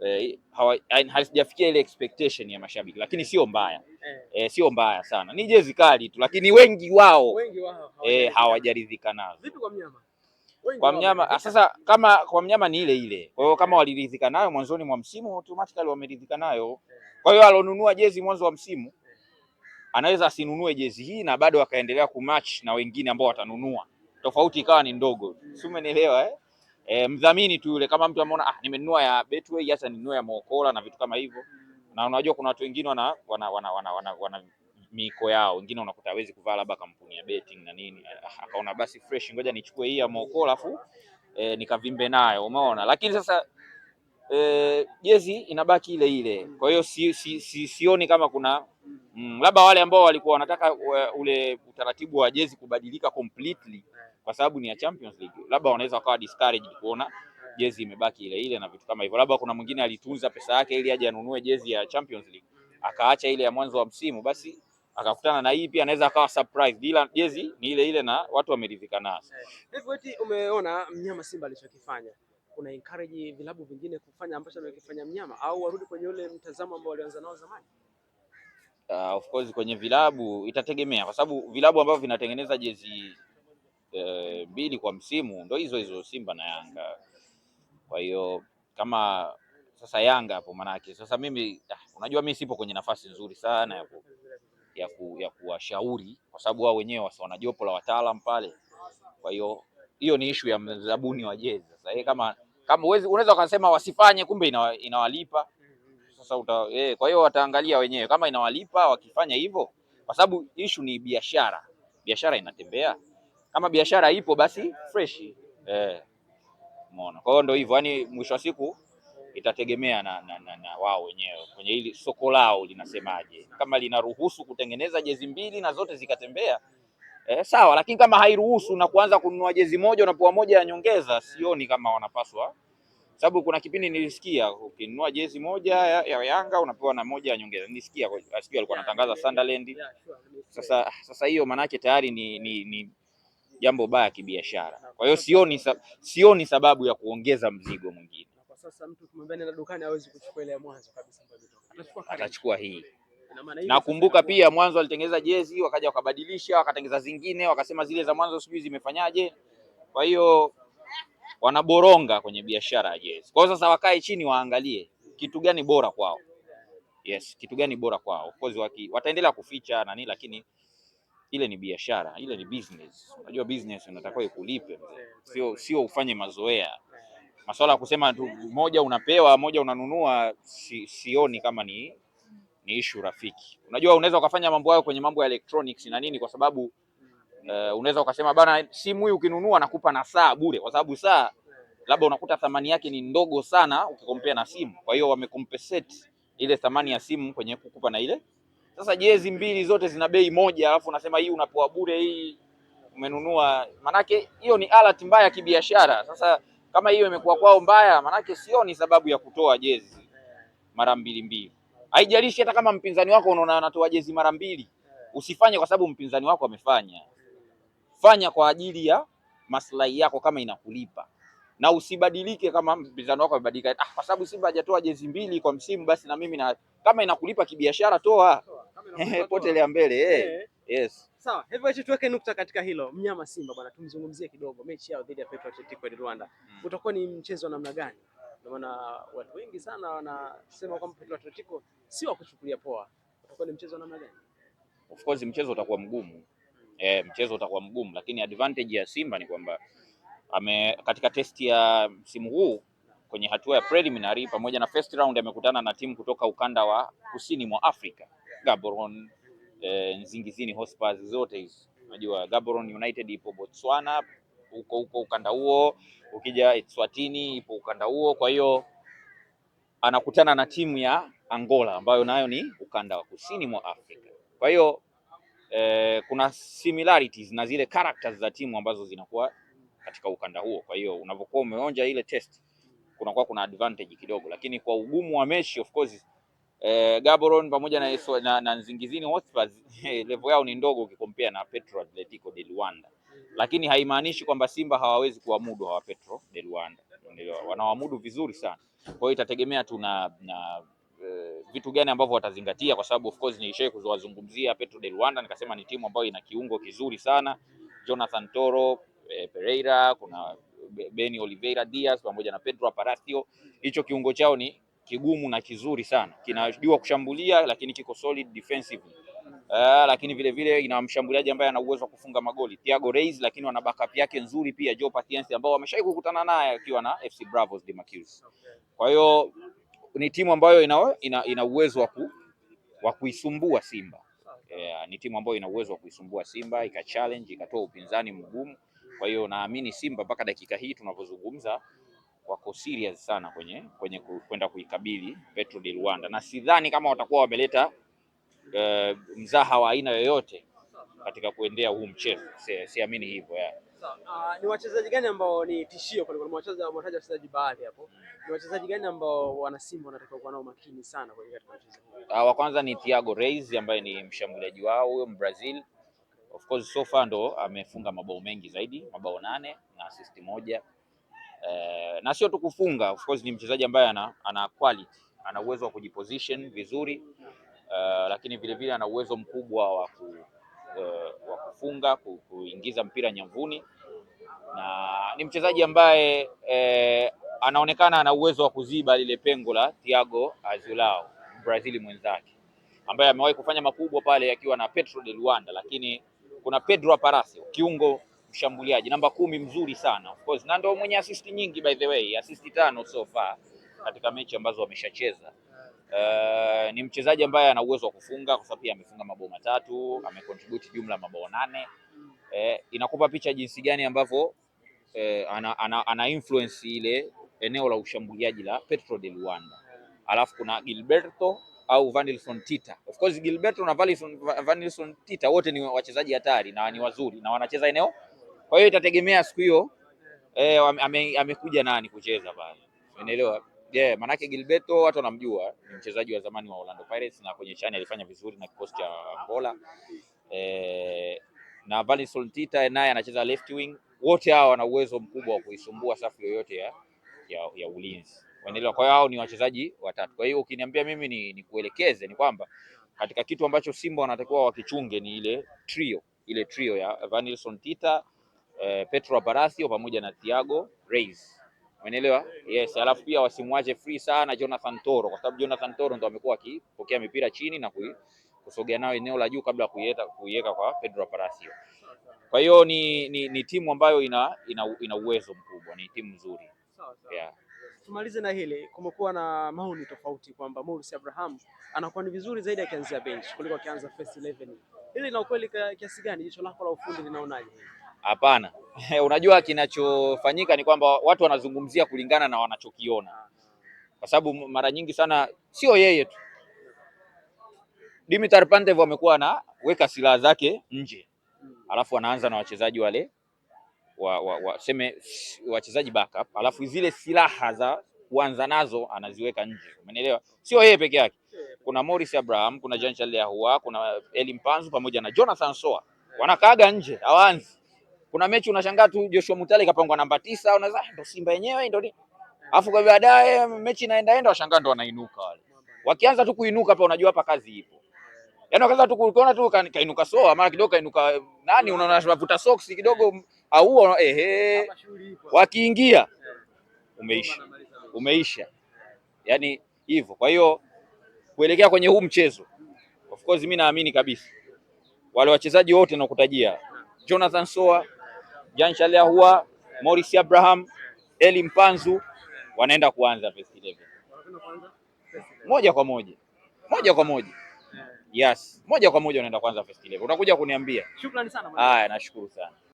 eh, hasijafikia ile expectation ya mashabiki, lakini sio mbaya eh. Eh, sio mbaya sana, ni jezi kali tu, lakini wengi wao, wengi wao hawajaridhika eh, nazo. Vipi kwa mnyama? Kwa mnyama ah, sasa, kama kwa mnyama ni ile ile, kwa hiyo kama waliridhika nayo mwanzoni mwa msimu automatically wameridhika nayo. Eh. Kwa hiyo alonunua jezi mwanzo wa msimu anaweza asinunue jezi hii na bado akaendelea kumatch na wengine ambao watanunua, tofauti ikawa ni ndogo, si umenielewa eh? e, mdhamini tu yule, kama mtu ameona ah, nimenunua ya Betway acha ninunue ya Mokola na vitu kama hivyo. Na unajua kuna watu wengine wana wana, wana, wana, wana, wana miko yao, wengine unakuta hawezi kuvaa labda kampuni ya betting na nini, ah, akaona basi fresh, ngoja nichukue hii ya Mokola afu e, nikavimbe nayo, umeona. Lakini sasa e, jezi e, inabaki ile ile, kwa hiyo si, si, si, sioni kama kuna mm, labda wale ambao walikuwa wanataka e, ule utaratibu wa jezi kubadilika completely kwa sababu ni ya Champions League, labda wanaweza wakawa discouraged kuona jezi imebaki ile ile na vitu kama hivyo. Labda kuna mwingine alitunza pesa yake ili aje anunue jezi ya Champions League akaacha ile ya mwanzo wa msimu, basi akakutana na hii pia, anaweza akawa surprised, ila jezi ni ile ile na watu wameridhika nayo. Hivyo eti umeona mnyama Simba alichokifanya kuna encourage vilabu vingine kufanya ambacho amekifanya mnyama au warudi kwenye ule mtazamo ambao walianza nao zamani? Uh, of course kwenye vilabu itategemea, kwa sababu vilabu ambavyo vinatengeneza jezi Eh, mbili kwa msimu ndo hizo hizo Simba na Yanga. Kwa hiyo kama sasa Yanga hapo manake sasa mimi ah, unajua mimi sipo kwenye nafasi nzuri sana ya, ku, ya, ku, ya kuwashauri kwa sababu wao wenyewe wana jopo la wataalam pale. Kwa hiyo hiyo ni ishu ya mzabuni wa jezi. Sasa yeye eh, kama kama unaweza ukasema wasifanye, kumbe inawa, inawalipa sasa uta, eh, kwa hiyo wataangalia wenyewe kama inawalipa wakifanya hivyo, kwa sababu ishu ni biashara, biashara inatembea kama biashara ipo basi fresh eh, umeona. Kwa hiyo ndio hivyo, yani mwisho wa siku itategemea na, na, na, na wao wenyewe kwenye hili soko lao linasemaje. Kama linaruhusu kutengeneza jezi mbili na zote zikatembea eh, sawa, lakini kama hairuhusu na kuanza kununua jezi moja unapoa moja ya nyongeza, sioni kama wanapaswa sababu kuna kipindi nilisikia ukinunua jezi moja ya, ya Yanga unapewa na moja ya nyongeza. Nilisikia alikuwa anatangaza Sunderland. Sasa sasa hiyo maanake tayari ni, ni, ni jambo baya kibiashara. Kwa hiyo sioni sab sioni sababu ya kuongeza mzigo mwingine. Kwa sasa mtu ukimwambia na dukani hawezi kuchukua ile ya mwanzo kabisa, atachukua hii. Nakumbuka pia mwanzo alitengeneza jezi, wakaja wakabadilisha, wakatengeza zingine, wakasema zile za mwanzo sijui zimefanyaje. Kwa hiyo wanaboronga kwenye biashara ya jezi. Kwa hiyo sasa wakae chini, waangalie kitu gani bora kwao. Yes, kitu gani bora kwao. Of course wataendelea kuficha nani, lakini ile ni biashara, ile ni business. Unajua business unatakiwa ikulipe, eh, sio sio ufanye mazoea. Eh. Masuala ya kusema tu moja unapewa moja unanunua, si, sioni kama ni ni issue rafiki. Unajua unaweza ukafanya mambo hayo kwenye mambo ya electronics na nini, kwa sababu uh, unaweza ukasema bana, simu hii ukinunua nakupa na saa bure, kwa sababu saa labda unakuta thamani yake ni ndogo sana ukikompea na simu. Kwa hiyo wamekompensate ile thamani ya simu kwenye kukupa na ile sasa jezi mbili zote zina bei moja, alafu unasema hii unapewa bure, hii umenunua. Manake hiyo ni alert mbaya ya kibiashara. Sasa kama hiyo imekuwa kwao mbaya, manake sioni sababu ya kutoa jezi mara mbili mbili. Haijalishi hata kama mpinzani wako unaona anatoa jezi mara mbili, usifanye kwa sababu mpinzani wako amefanya. Fanya kwa ajili ya maslahi yako kama inakulipa, na usibadilike kama mpinzani wako amebadilika. Ah, kwa sababu Simba hajatoa jezi mbili kwa msimu, basi na mimi na, kama inakulipa kibiashara, toa potelea mbele eh. Yes. Sawa, Heavyweight tuweke nukta katika hilo. Mnyama Simba bwana, tumzungumzie kidogo mechi yao dhidi ya Petro Atletico ya Rwanda. Mm. Utakuwa ni mchezo wa namna gani? Ndio maana watu wengi sana wanasema kwamba Petro Atletico si wa kuchukulia poa. Utakuwa ni mchezo wa namna gani? Of course mchezo utakuwa mgumu. Mm. E, mchezo utakuwa mgumu lakini advantage ya Simba ni kwamba ame katika testi ya msimu huu kwenye hatua ya preliminary pamoja na first round amekutana na timu kutoka ukanda wa kusini mwa Afrika. Gaborone eh, Nsingizini Hotspurs zote hizo unajua Gaborone United ipo Botswana huko huko ukanda huo, ukija Eswatini ipo ukanda huo. Kwa hiyo anakutana na timu ya Angola ambayo nayo ni ukanda wa kusini mwa Afrika. Kwa hiyo eh, kuna similarities na zile characters za timu ambazo zinakuwa katika ukanda huo. Kwa hiyo unapokuwa umeonja ile test kunakuwa kuna advantage kidogo, lakini kwa ugumu wa mechi of course eh, Gaborone pamoja na, na, na Nzingizini Hotspurs level yao ni ndogo ukikompea na Petro Atletico de Luanda, lakini haimaanishi kwamba Simba hawawezi kuamudu hawa Petro de Luanda, wanawamudu vizuri sana. Kwa hiyo itategemea tu na, na eh, vitu gani ambavyo watazingatia kwa sababu of course nilishawahi kuwazungumzia Petro de Luanda, nikasema ni timu ambayo ina kiungo kizuri sana Jonathan Toro, eh, Pereira, kuna Beni Oliveira Diaz pamoja na Pedro Aparacio. Hicho kiungo chao ni kigumu na kizuri sana, kinajua kushambulia lakini kiko solid defensively. Uh, lakini vile vile ina mshambuliaji ambaye ana uwezo wa kufunga magoli Thiago Reis, lakini wana backup yake nzuri pia Joe Patience ambao wameshawahi kukutana naye akiwa na FC Bravos de Maquis. Kwa hiyo ni timu ambayo ina, ina, ina uwezo wa wa kuisumbua Simba. Yeah, ni timu ambayo ina uwezo wa kuisumbua Simba ika challenge ikatoa upinzani mgumu. Kwa hiyo naamini Simba mpaka dakika hii tunavyozungumza wako serious sana kwenye kwenye kwenda kuikabili Petro de Luanda, na sidhani kama watakuwa wameleta uh, mzaha wa aina yoyote katika kuendea huu mchezo, siamini si hivyo. Uh, ni wachezaji gani ambao ni tishio? Kwa sababu wacheza wachezaji baadhi hapo, ni wachezaji gani ambao wana Simba wanataka kuwa nao makini sana kwa katika mchezo huu? Uh, wa kwanza ni Thiago Reis ambaye ni mshambuliaji wao huyo Mbrazil. Of course so far ndo amefunga mabao mengi zaidi, mabao nane na assist moja eh, na sio tu kufunga. Of course ni mchezaji ambaye ana, ana quality, ana uwezo wa kujiposition vizuri uh, lakini vilevile ana uwezo mkubwa wa ku, uh, wa kufunga ku, kuingiza mpira nyavuni na ni mchezaji ambaye eh, anaonekana ana uwezo wa kuziba lile pengo la Thiago Azulao Brazili mwenzake ambaye amewahi kufanya makubwa pale akiwa na Petro de Luanda, lakini kuna Pedro Aparase kiungo mshambuliaji namba kumi mzuri sana of course, na ndio mwenye assist nyingi by the way, assist tano so far katika mechi ambazo wameshacheza. Uh, ni mchezaji ambaye ana uwezo wa kufunga kwa sababu pia amefunga mabao matatu, amecontribute jumla mabao nane. Eh, inakupa picha jinsi gani ambavyo eh, ana, ana, ana influence ile eneo la ushambuliaji la Petro de Luanda. Alafu kuna Gilberto au Vanilson Tita. Of course Gilberto na Vanilson Tita wote ni wachezaji hatari na ni wazuri na wanacheza eneo kwa hiyo itategemea siku hiyo eh, amekuja ame nani kucheza pale, unaelewa? Yeah, manake Gilberto watu wanamjua ni mchezaji wa zamani wa Orlando Pirates na kwenye chani alifanya vizuri na kikosi cha Angola. Eh, na Valentin Ntita naye anacheza left wing. Wote hao wana uwezo mkubwa wa kuisumbua safu yoyote ya, ya, ya ulinzi. Unaelewa? Kwa hiyo hao ni wachezaji watatu. Kwa hiyo ukiniambia mimi ni, ni kuelekeze ni kwamba katika kitu ambacho Simba wanatakiwa wakichunge ni ile trio, ile trio ya Vanilson Tita, Eh, Petro Aparasio pamoja na Thiago Reis, umeelewa? Yes, alafu pia wasimwache free sana Jonathan Toro, kwa sababu Jonathan Toro ndo amekuwa akipokea mipira chini na kui, kusogea nayo eneo la juu kabla ya kuiweka kuiweka kwa Pedro Aparasio. Kwa hiyo ni, ni, ni timu ambayo ina, ina, ina uwezo mkubwa, ni timu nzuri yeah. Tumalize na hili, kumekuwa na maoni tofauti kwamba Morris Abraham anakuwa ni vizuri zaidi akianzia bench kuliko akianza first 11. Hili na ukweli kiasi gani? Jicho lako la ufundi linaonaje? Hapana. Unajua, kinachofanyika ni kwamba watu wanazungumzia kulingana na wanachokiona, kwa sababu mara nyingi sana sio yeye tu, Dimitar Pantev amekuwa anaweka silaha zake nje, alafu anaanza na wachezaji wale wa, wa, wa, seme wachezaji backup, alafu zile silaha za kuanza nazo anaziweka nje, umeelewa? Sio yeye peke yake, kuna Morris Abraham, kuna Jean Charles Ahoua, kuna Eli Mpanzu pamoja na Jonathan Soa, wanakaaga nje, hawaanzi kuna mechi unashangaa tu Joshua Mutale kapangwa namba tisa, unaza ah, ndo Simba yenyewe ndo ni alafu kwa baadaye mechi inaenda enda washangaa ndo wanainuka wale. Wakianza tu kuinuka hapa unajua hapa kazi ipo. Yaani wakaanza tu kuona tu kainuka soa mara kidogo kainuka nani unaona unavuta socks kidogo au ehe. Wakiingia umeisha. Umeisha. Yaani hivyo. Kwa hiyo kuelekea kwenye huu mchezo of course mimi naamini kabisa wale wachezaji wote nakutajia Jonathan Soa Jean Charles Ahoua, Maurice Abraham, Eli Mpanzu wanaenda kuanza first 11 moja kwa moja moja kwa moja yes, moja kwa moja wanaenda kuanza first 11. Unakuja kuniambia. Shukrani sana. Haya, nashukuru sana.